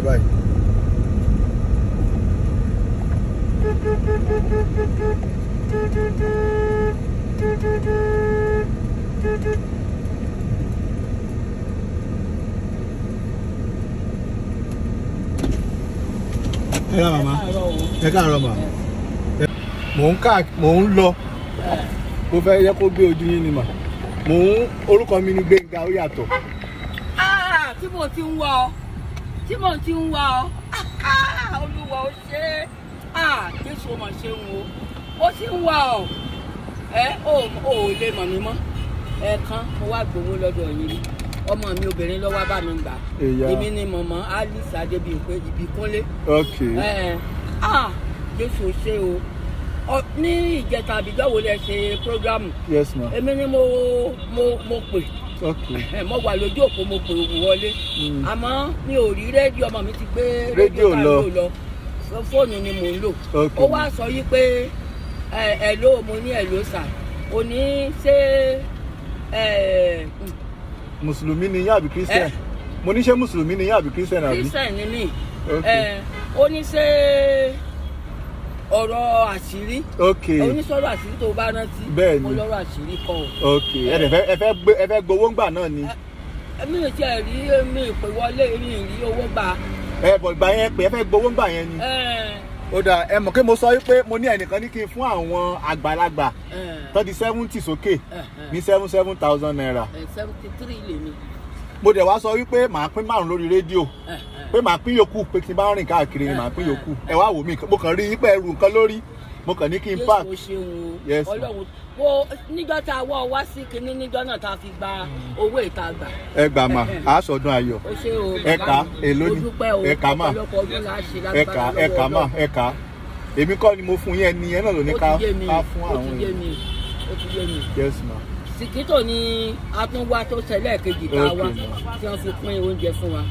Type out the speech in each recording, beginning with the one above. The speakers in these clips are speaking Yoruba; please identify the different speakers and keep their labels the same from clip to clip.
Speaker 1: báyìí báyìí. ẹ ká màmá ẹ káàárọ̀ mà mò ń ká mò ń lọ mo fẹ́ yẹ kó gbé ojú yín ni mà mò ń orúkọ mi ni Gbénga ó yàtọ̀.
Speaker 2: Ah, tí mo ti ń wọ tí mò ń ti ń wá ọ olúwa ó ṣe é jésù ọmọ ṣeun o ó ti ń wá ọ ẹ ò lè mọ̀ mí mọ́ ẹ̀ẹ̀kan mo wá gbowó lọ́dọ̀ yín ni ọmọ mi obìnrin ló wá bá mi gbà èmi ni mọ̀mọ́ alice adébíyí pé ibi kúnlé jésù ṣe o ní ìjẹta àbíjọ́ wo lẹ ṣe programu. yes ma. èmi ni mo mo mo pè. okay. mo wà lójú òpó mo pè wọlé. Hmm. àmọ́ mi ò rí rédíò ọmọ mi ti gbé rédíò lọ fóònù ni mò ń lò. okay. ó wá sọ yí pé ẹ ló mo ní ẹ ló sà ò ní ṣe.
Speaker 1: mùsùlùmí ni yín christian mo ní ṣe mùsùlùmí ni yín christian àbí. christian
Speaker 2: ni mí. okay. ó ní ṣe ọ̀rọ̀ àṣírí onísọ̀rọ̀ àṣírí tó bá rántí mo lọ́rọ̀ àṣírí kọ o. ok ẹ
Speaker 1: fẹ́ gbowó ńgbà náà ni.
Speaker 2: mi ò tiẹ̀ rí mi ìpè wọlé mi ì rí owó gbà. ẹ bọ̀ ìgbà yẹn pé ẹ fẹ́ gbowó ńgbà yẹn ni.
Speaker 1: ó dà ẹ mọ̀ kí mo sọ pé mo ní ẹnìkan ní kí n fún àwọn àgbàlagbà tó di seventy sókè ní seven seven thousand naira.
Speaker 2: seventy three lè mi.
Speaker 1: mo dẹ̀ wá sọ wípé màá pín márùn lórí rédíò eh, eh. pé màá pín yòókù pé kí n bá rìn káàkiri màá pín eh, yòókù ẹ wá wò mí mo kàn rí pé ẹrù nǹkan lórí mo kàn ní kí n
Speaker 2: yes ma. wo awọ tá a wọ́ ọ wá sí kinní náà tá a fi gba owó ìta gbà.
Speaker 1: ẹ gbà mà á sọdún ayọ̀
Speaker 2: ẹ kà ni ẹ kà mà ẹ
Speaker 1: kà ni mo fún yẹn ni ẹ
Speaker 2: yes ma. sìkítò ni a tún wá tó ṣẹlẹ̀ kejì tá a wá tí wọ́n fi pín oúnjẹ fún wa.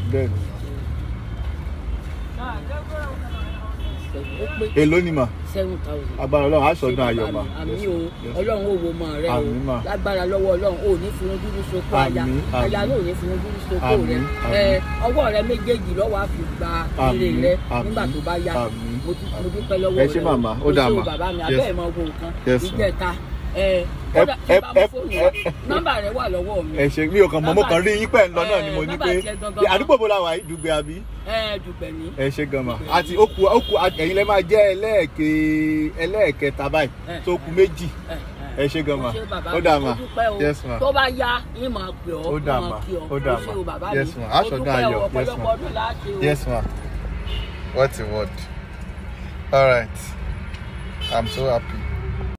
Speaker 2: èló ni mà seven thousand agbára ọlọ́run aṣọdún ayọ̀ mà àmì o ọlọ́run ò wo mọ rẹ o lágbára lọ́wọ́ ọlọ́run ò ní funu dúdú soko aya aya ló ní funu dúdú soko rẹ ẹ ọwọ́ rẹ méjèèjì lọ́wọ́ àfi gba ire rẹ nígbà tó bá yá mo dúpẹ́ lọ́wọ́ rẹ o ṣé bàbá mi abẹ́ ẹ̀ mọ owó nǹkan ìjẹta nọ́mbà rẹ wà lọ́wọ́ mi. ẹ ṣe mi ò kàn mọ mo kàn rí yín pẹ́ ń lọ náà ni eh, mo ní pé àdúgbò bo
Speaker 1: la wà yìí dùgbẹ́ àbí.
Speaker 2: ẹ eh, dùgbẹ́ ni.
Speaker 1: ẹ ṣe gan ma àti ó ku ó ku ẹ̀yin lẹ́ máa jẹ́ ẹlẹ́ẹ̀kẹ́ ẹlẹ́ẹ̀kẹta báyìí eh, tó ku méjì ẹ ṣe gan ma ó dà ma yes ma tó
Speaker 2: bá ya yín máa pè ọ́ ó dà ma ó dà ma yes ma aṣọ̀dá ayọ̀ yes ma yes ma
Speaker 1: what a word all right i'm so happy.